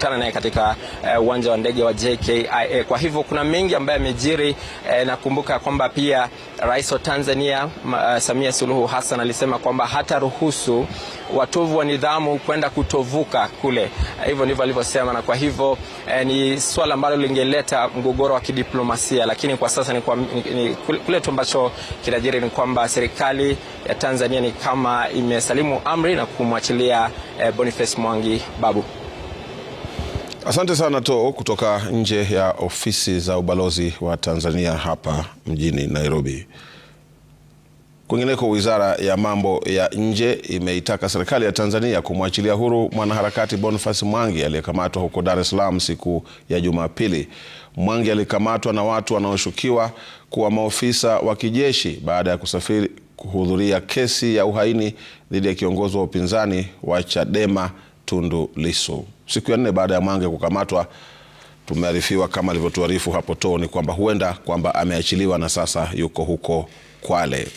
kukutana naye katika eh, uwanja uh, wa ndege wa JKIA. Kwa hivyo kuna mengi ambayo yamejiri. Eh, nakumbuka kwamba pia Rais wa Tanzania uh, Samia Suluhu Hassan alisema kwamba hataruhusu watovu wa nidhamu kwenda kutovuka kule. Uh, Hivyo ndivyo alivyosema, na kwa hivyo uh, ni swala ambalo lingeleta mgogoro wa kidiplomasia, lakini kwa sasa ni, kwa, ni ni, kule tu ambacho kinajiri ni kwamba serikali ya Tanzania ni kama imesalimu amri na kumwachilia eh, Boniface Mwangi Babu. Asante sana To kutoka nje ya ofisi za ubalozi wa Tanzania hapa mjini Nairobi. Kwingineko, wizara ya mambo ya nje imeitaka serikali ya Tanzania kumwachilia huru mwanaharakati Boniface Mwangi aliyekamatwa huko Dar es Salaam siku ya Jumapili. Mwangi alikamatwa na watu wanaoshukiwa kuwa maofisa wa kijeshi baada ya kusafiri kuhudhuria kesi ya uhaini dhidi ya kiongozi wa upinzani wa Chadema Tundu Lissu. Siku ya nne baada ya Mange kukamatwa, tumearifiwa kama alivyotuarifu hapo ni kwamba huenda kwamba ameachiliwa na sasa yuko huko Kwale.